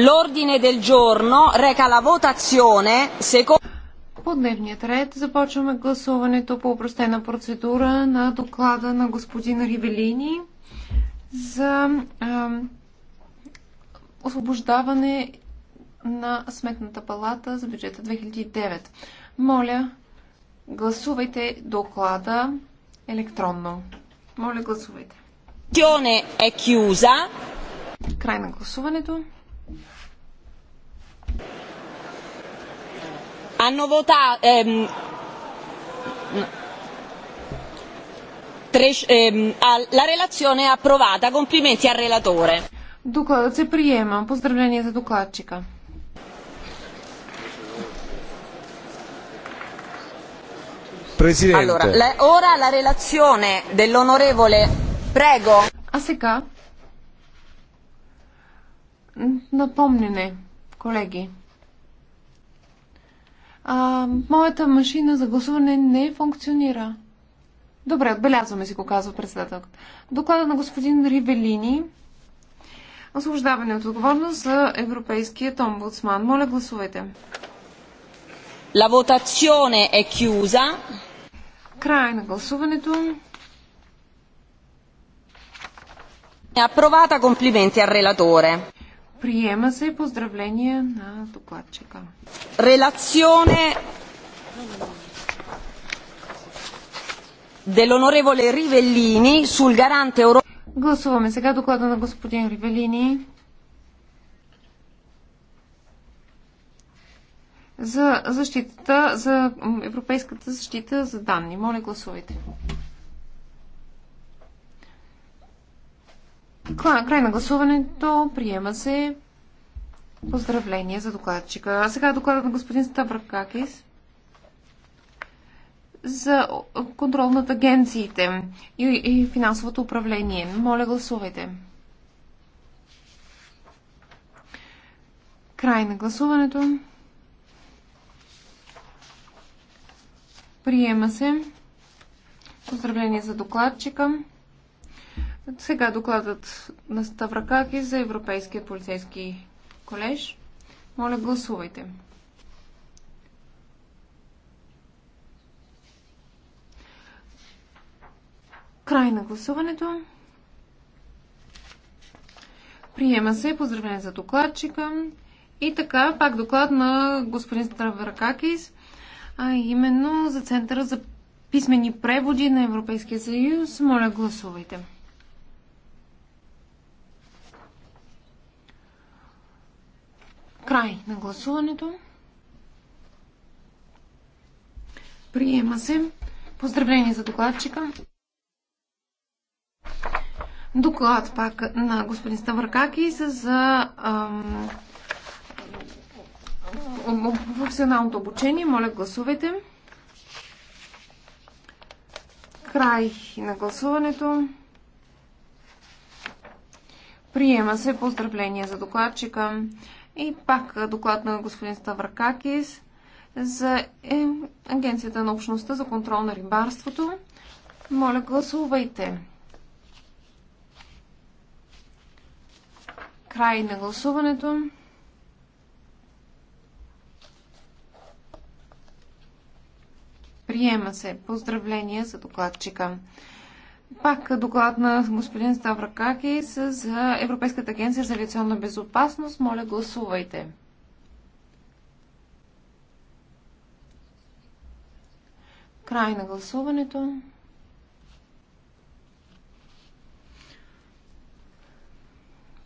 L'ordine del giorno reca la votazione secondo... По дневният ред започваме гласуването по упростена процедура на доклада на господин Ривелини за а, освобождаване на Сметната палата за бюджета 2009. Моля, гласувайте доклада електронно. Моля, гласувайте. Е кюза. Край на гласуването. Hanno votato ehm, tre, ehm, la relazione è approvata. Complimenti al relatore. Докладът се приема. Поздравление за докладчика. Президенте. Allora, la, ora la relazione dell'onorevole Prego. А сега напомнене, колеги. А, моята машина за гласуване не функционира. Добре, отбелязваме си, го казва председателката. Доклада на господин Ривелини. Освобождаване от отговорност за Европейският омбудсман. Моля, гласувайте. La votazione è chiusa. Край на гласуването. Е апровата комплименти al relatore. Приема се поздравления на докладчика. Релационе дел'онореволе Rivellini сул garante Euro... Гласуваме сега доклада на господин Ривелини за защитата, за европейската защита за данни. Моля, гласувайте. Край на гласуването. Приема се. Поздравление за докладчика. А сега докладът на господин Ставракакис за контрол над агенциите и, и финансовото управление. Моля, гласувайте. Край на гласуването. Приема се. Поздравление за докладчика. Сега докладът на Ставракаки за Европейския полицейски колеж. Моля, гласувайте. Край на гласуването. Приема се. Поздравление за докладчика. И така, пак доклад на господин Ставракакис, а именно за Центъра за писмени преводи на Европейския съюз. Моля, гласувайте. Край на гласуването. Приема се. Поздравление за докладчика. Доклад пак на господин Ставъркаки за професионалното обучение. Моля, гласувайте. Край на гласуването. Приема се поздравление за докладчика. И пак доклад на господин Ставракакис за е, Агенцията на общността за контрол на рибарството. Моля, гласувайте. Край на гласуването. Приема се. Поздравления за докладчика. Пак доклад на господин Ставракакис за Европейската агенция за авиационна безопасност. Моля, гласувайте. Край на гласуването.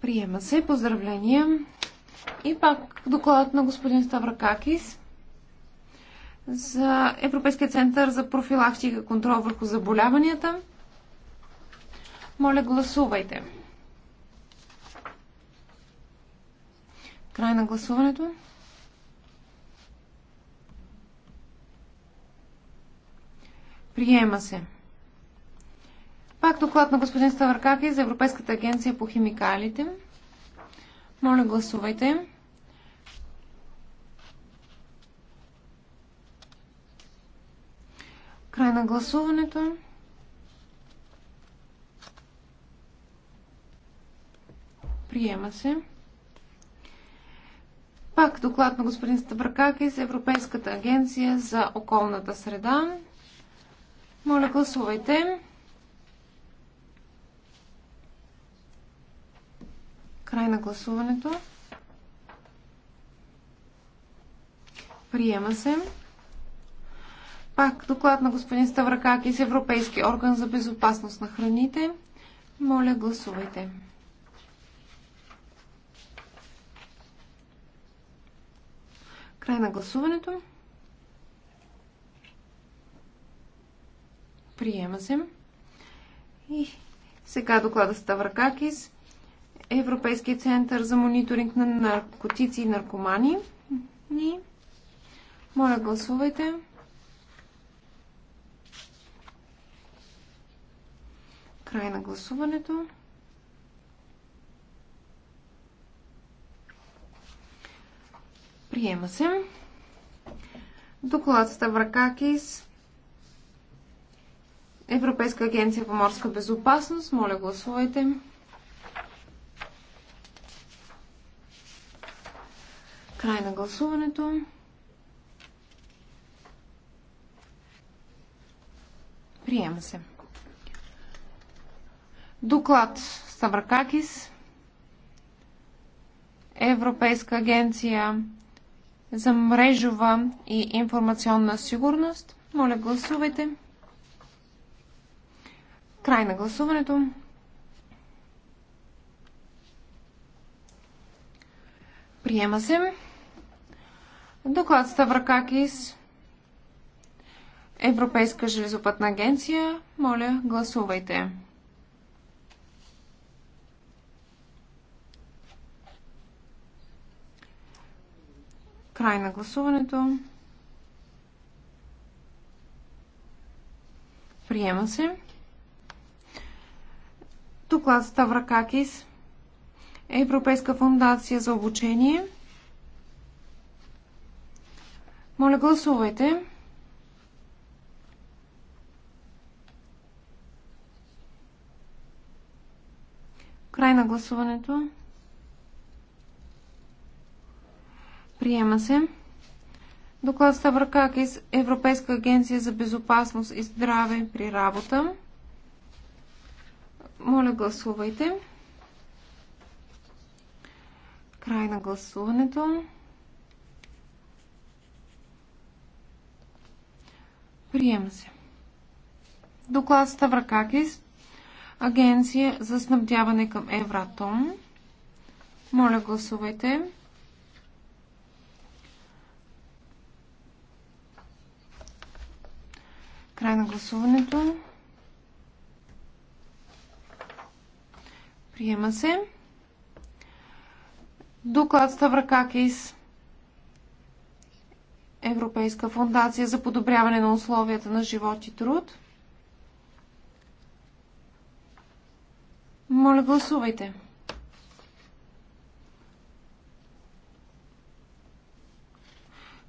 Приема се. Поздравления. И пак доклад на господин Ставракакис за Европейския център за профилактика и контрол върху заболяванията. Моля, гласувайте. Край на гласуването. Приема се. Пак доклад на господин Ставаркаки за Европейската агенция по химикалите. Моля, гласувайте. Край на гласуването. Приема се. Пак доклад на господин Ставракакис, Европейската агенция за околната среда. Моля, гласувайте. Край на гласуването. Приема се. Пак доклад на господин Ставракакис, Европейски орган за безопасност на храните. Моля, гласувайте. Край на гласуването. Приема се. И сега доклада Ставракакис. Европейския център за мониторинг на наркотици и наркомани. И моля, гласувайте. Край на гласуването. Приема се. Доклад Ставракакис. Е Европейска агенция по морска безопасност. Моля, гласувайте. Край на гласуването. Приема се. Доклад Ставракакис. Европейска агенция за мрежова и информационна сигурност. Моля, гласувайте. Край на гласуването. Приема се. Доклад Ставракакис. Европейска железопътна агенция. Моля, гласувайте. Край на гласуването. Приема се. Доклад Ставракакис. Европейска фундация за обучение. Моля, гласувайте. Край на гласуването. Приема се. Доклад Ставракакис, Европейска агенция за безопасност и здраве при работа. Моля, гласувайте. Край на гласуването. Приема се. Доклад Ставракакис, Агенция за снабдяване към Евратом. Моля, гласувайте. гласуването. Приема се. Доклад Ставракакис. Европейска фундация за подобряване на условията на живот и труд. Моля, гласувайте.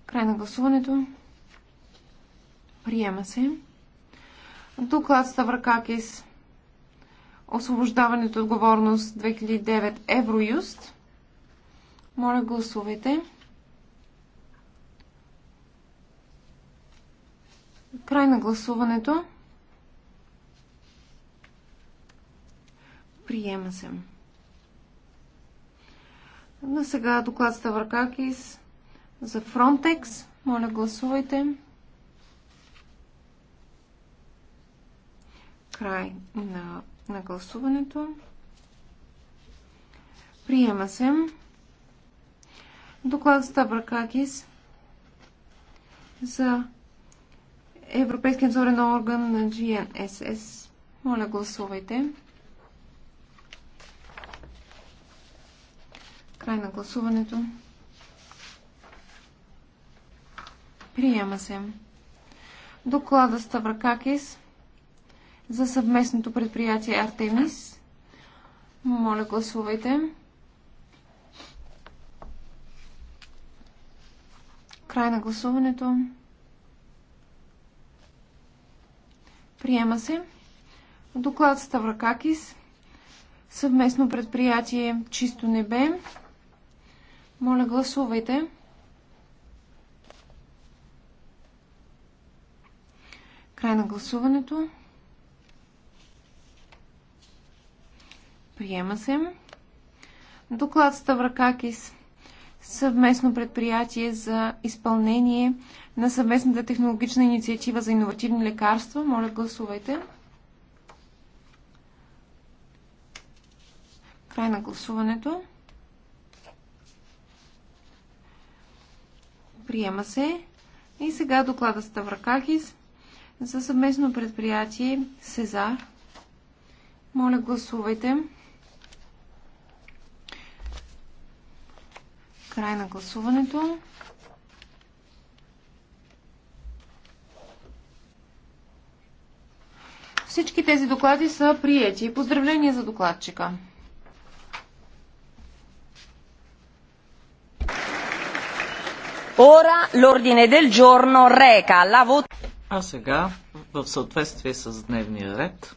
Край на гласуването. Приема се. Доклад Ставракакис. Освобождаването от отговорност 2009 Евроюст. Моля, гласувайте. Край на гласуването. Приема се. На сега доклад Ставракакис за Фронтекс. Моля, гласувайте. Край на, на гласуването. Приема се. Доклад Ставракакис за Европейския надзорен орган на GNSS. Моля, гласувайте. Край на гласуването. Приема се. Доклада Ставракакис за съвместното предприятие Артемис. Моля, гласувайте. Край на гласуването. Приема се. Доклад Ставракакис. Съвместно предприятие Чисто небе. Моля, гласувайте. Край на гласуването. Приема се. Доклад Ставракакис. Съвместно предприятие за изпълнение на съвместната технологична инициатива за иновативни лекарства. Моля, гласувайте. Край на гласуването. Приема се. И сега доклада Ставракахис за съвместно предприятие СЕЗАР. Моля, гласувайте. Край на гласуването. Всички тези доклади са приети. Поздравление за докладчика. Ora l'ordine del giorno reca la А сега, в съответствие с дневния ред,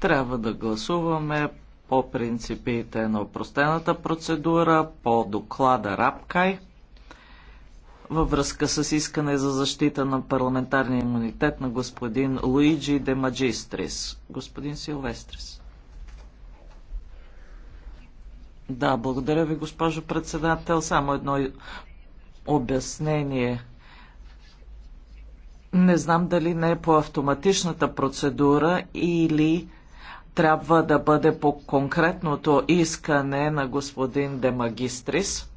трябва да гласуваме по принципите на упростената процедура по доклада Рапкай във връзка с искане за защита на парламентарния имунитет на господин Луиджи де Маджистрис. Господин Силвестрис. Да, благодаря ви, госпожо председател. Само едно обяснение. Не знам дали не е по автоматичната процедура или трябва да бъде по конкретното искане на господин Демагистрис.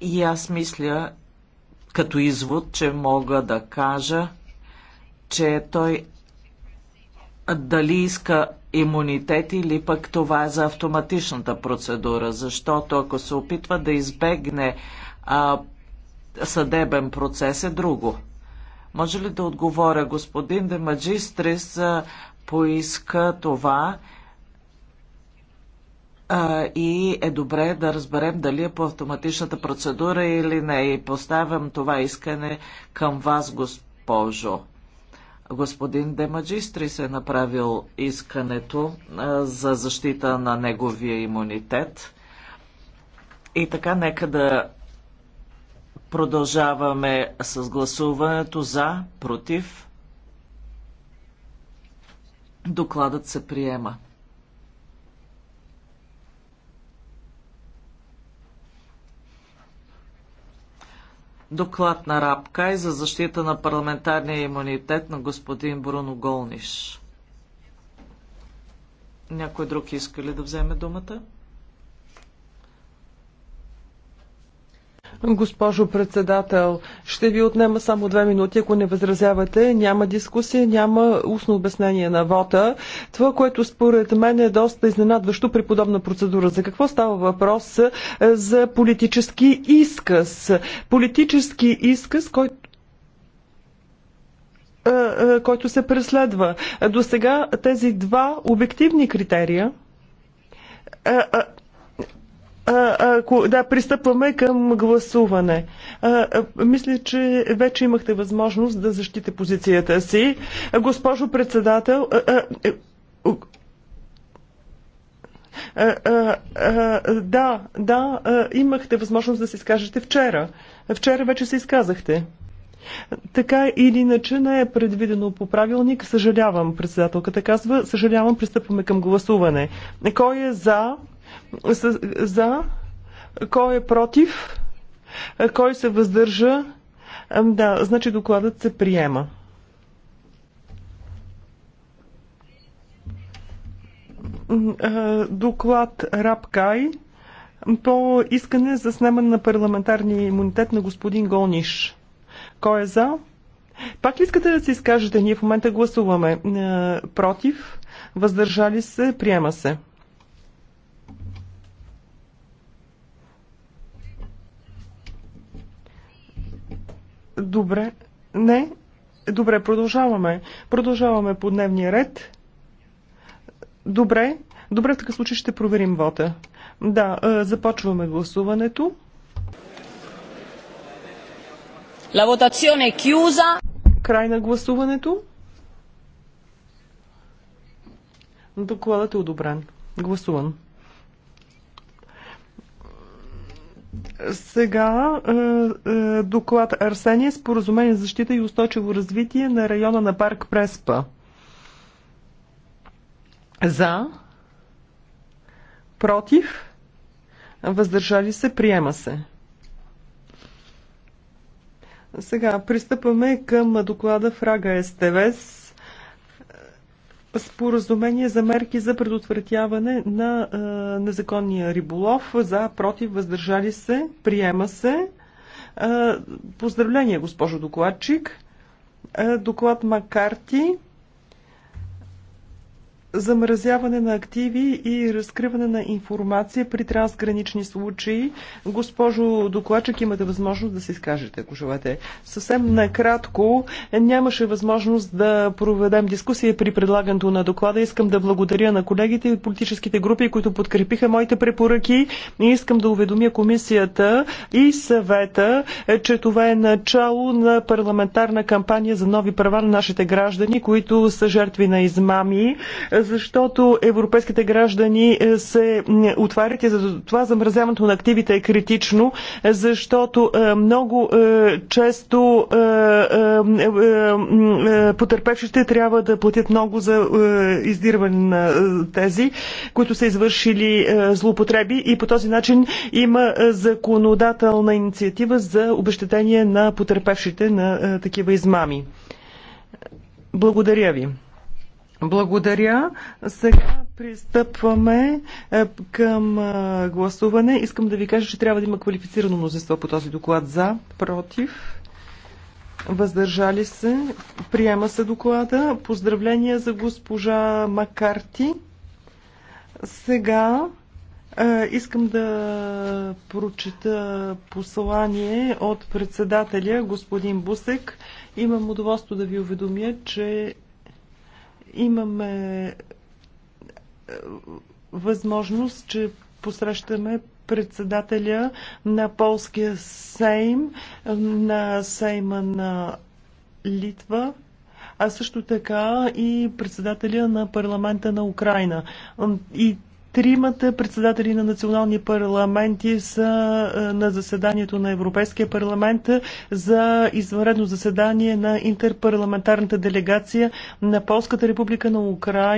И аз мисля, като извод, че мога да кажа, че той дали иска имунитет или пък това е за автоматичната процедура, защото ако се опитва да избегне а, съдебен процес е друго. Може ли да отговоря? Господин Демаджистрис поиска това а, и е добре да разберем дали е по автоматичната процедура или не. И поставям това искане към вас, госпожо. Господин Демаджистрис е направил искането а, за защита на неговия имунитет. И така, нека да Продължаваме с гласуването за, против. Докладът се приема. Доклад на Рапкай за защита на парламентарния имунитет на господин Бруно Голниш. Някой друг иска ли да вземе думата? Госпожо председател, ще ви отнема само две минути, ако не възразявате. Няма дискусия, няма устно обяснение на вота. Това, което според мен е доста изненадващо при подобна процедура. За какво става въпрос? За политически изказ. Политически изказ, който който се преследва. До сега тези два обективни критерия ако, да, пристъпваме към гласуване. А, а, мисля, че вече имахте възможност да защите позицията си. А, госпожо председател, е, да, да, имахте възможност да се изкажете вчера. Вчера вече се изказахте. Така или иначе не е предвидено по правилник. Съжалявам, председателката казва. Съжалявам, пристъпваме към гласуване. Кой е за? За. Кой е против? Кой се въздържа? Да, значи докладът се приема. Доклад Рабкай по искане за снемане на парламентарния имунитет на господин Голниш. Кой е за? Пак искате да се изкажете? Ние в момента гласуваме. Е, против? Въздържали се? Приема се. Добре. Не. Добре, продължаваме. Продължаваме по дневния ред. Добре. Добре, в такъв случай ще проверим вота. Да, е, започваме гласуването. La votazione è chiusa. Край на гласуването. Докладът е одобрен. Гласуван. Сега е, е, доклад Арсения споразумение за защита и устойчиво развитие на района на парк Преспа. За, против, въздържали се, приема се. Сега пристъпваме към доклада Фрага Естевес споразумение за мерки за предотвратяване на а, незаконния риболов. За, против, въздържали се, приема се. А, поздравление, госпожо докладчик. А, доклад Макарти замразяване на активи и разкриване на информация при трансгранични случаи. Госпожо докладчик, имате възможност да се изкажете, ако желаете. Съвсем накратко, нямаше възможност да проведем дискусия при предлагането на доклада. Искам да благодаря на колегите и политическите групи, които подкрепиха моите препоръки. И искам да уведомя комисията и съвета, че това е начало на парламентарна кампания за нови права на нашите граждани, които са жертви на измами защото европейските граждани е, се е, отварят и за това замразяването на активите е критично, е, защото много често потерпевшите трябва да платят много за издирване на тези, които са извършили злоупотреби и по този начин има законодателна инициатива за обещетение на потерпевшите на такива измами. Благодаря ви. Благодаря. Сега пристъпваме е, към е, гласуване. Искам да ви кажа, че трябва да има квалифицирано мнозинство по този доклад за, против, въздържали се, приема се доклада. Поздравления за госпожа Макарти. Сега е, Искам да прочета послание от председателя господин Бусек. Имам удоволство да ви уведомя, че имаме е, възможност, че посрещаме председателя на полския сейм, на сейма на Литва, а също така и председателя на парламента на Украина. И Тримата председатели на национални парламенти са е, на заседанието на Европейския парламент за извънредно заседание на интерпарламентарната делегация на Полската република на Украина.